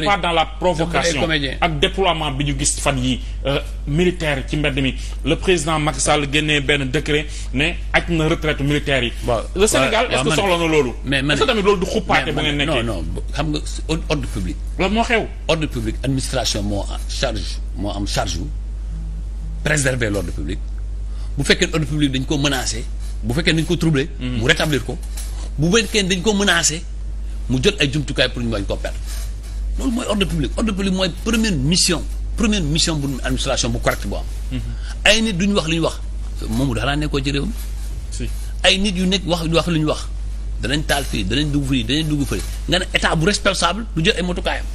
n'est pas dans la provocation ak bi ñu gis fan yi euh, militaire ci mbedd mi le président Macky Sall génne benn décret ne aj na retraite militaire yi le Sénégal est-ce que soxla na loolu est-ce que tamit loolu du xuppaate bu ngeen nekkee non non xam nga ordre public loolu moo xew ordre public administration moo charge moo am charge bu préserver l'ordre public bu fekkee ordre public dañ ko menacé bu fekkee dañ ko troublé mhm. mu rétablir ko bu fekkee dañ ko menacé mu jot ay jumtukaay pour ñu ko loolu mooy ordre public ordre public mooy première mission première mission bu administration bu correct bu am. Mhm. ay nit duñ wax li ñu wax moomu daanaa nekkoo ci réew mi. ay nit yu nekk wax wax li ñu wax danañ taal fii danañ dugg fii danañ dugg fële nga ne état bu responsable du jël ay motukaayam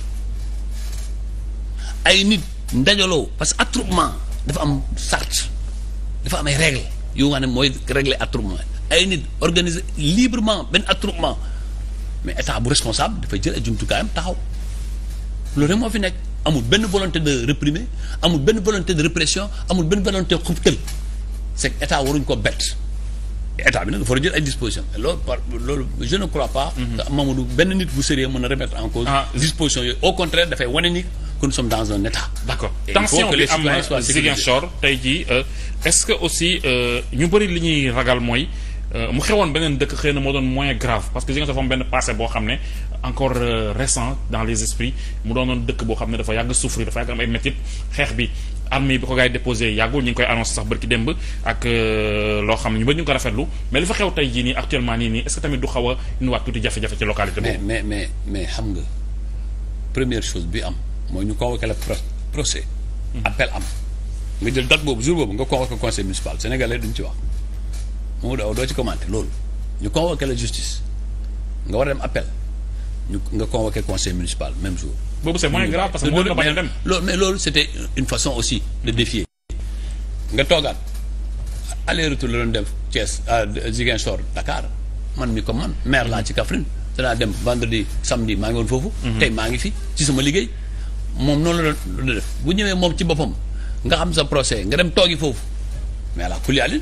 ay nit ndajaloo parce que attroupement dafa am charte dafa am ay règle yoo xam ne mooy régler attroupement ay nit organise librement benn attroupement mais état bu responsable dafay jël ay jumtukaayam taxaw. loolu rek moo fi nekk amul benn volonté de réprimer amul benn volonté de répression amul benn volonté xubtal c'est que état waruñ ko bett état bi nag dafa war jël ay disposition loolu par loolu je ne crois pas mhm. Mamadou benn nit bu sérieux mën a remettre en cause ah. disposition yooyu au contraire dafay wane ni que nous sommes dans un état d'accord tension bi am na Ziguinchor tey jii euh, est-ce que aussi euh, ñu bëri li ñuy ragal mooy Euh, mu xewoon beneen dëkk xëy na moo doon moins grave parce que Ziguinchor dafa am benn passé boo xam ne encore euh, récent dans les esprits mu doonoon dëkk boo xam ne dafa yàgg souffrir dafa yàgg am ay métit xeex bi armée bi ko gars yi déposé yàggul ñu ngi koy annoncé sax bërki démb ak euh, loo xam ne ñu bëri ñu ko rafetlu mais li fa xew tey jii nii actuellement nii nii est-ce que tamit du xaw a indiwaat tuuti jafe-jafe ci localité boobu mais mais mais xam nga première chose bi am mooy ñu convoqué la procès hmm. am nga jël date boobu jour boobu nga convoqué ci wax Mamadou Awa doo ci commenter loolu ñu convoqué la justice nga war a dem appel ñu nga convoqué conseil municipal même jour. boobu c'est moins parce que mënoon na bañ a dem. loolu mais loolu c'était une façon aussi de défier. nga toogaat aller retour la doon def Thiès Ziguinchor Dakar man mi comme man maire laa ci Kaffrine danaa dem vendredi samedi maa ngi woon foofu. Mhm. tey maa ngi fi ci sama liggéey. moom noonu la doon def bu ñëwee moom ci boppam nga xam sa procès nga dem toogi foofu mais la kuliyalin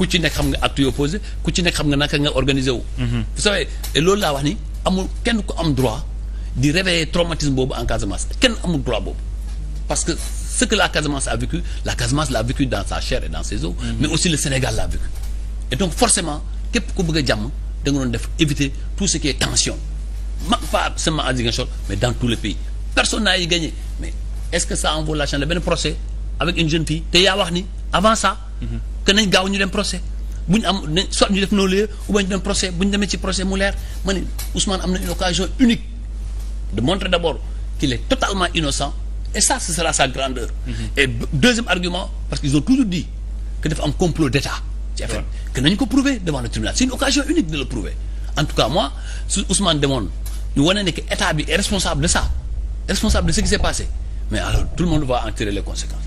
ku ci nekk xam nga acte yu opposé ku ci nekk xam nga naka nga organisé wu. Mhm. vous savez loolu laa wax ni amul kenn ku am droit di réveiller traumatisme boobu en Casamance kenn amul droit boobu parce que ce que la Casamance a vécu la Casamance l'a vécu dans chair et dans ses mhm. mais aussi le Sénégal l'a vécu. et donc forcément képp ku bëgg a jàmm def éviter tout ce qui est tension ma pas seulement à Ziguinchor mais dans tout le pays personne n'a y gagné mais est-ce que ça en que nañ gaaw ñu dem procès bu ñu am ne soit ñu def ñu demee ci procès mu leer ma ne Ousmane am na une occasion unique de montrer d' abord qu'il est totalement innocent et ça ce sera sa grandeur. Mm -hmm. et deuxième argument parce qu'ils ont toujours dit que dafa am complot d' état. ci affaire que nañ ko prouver devant le tribunal c' de le prouver en tout cas moi su demoon ñu wane ne que état bi est responsable de ça responsable de ce qui s' est mais tout le monde va en les conséquences.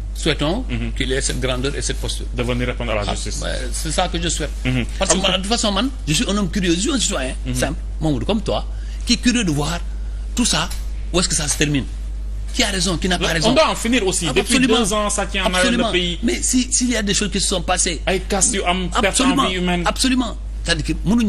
souhaitons mm -hmm. ait cette grandeur et cette posture. de venir répondre à la ah, justice. c'est ça que je souhaite. Mhm. parce que man, de toute façon man je suis un homme curieux je un citoyen. Mhm. simple Mamadou comme toi qui est curieux de voir tout ça où est-ce que ça se termine. qui a raison qui n'a pas raison. mais s'il y a des choses qui se sont passées. ay absolument cest dire que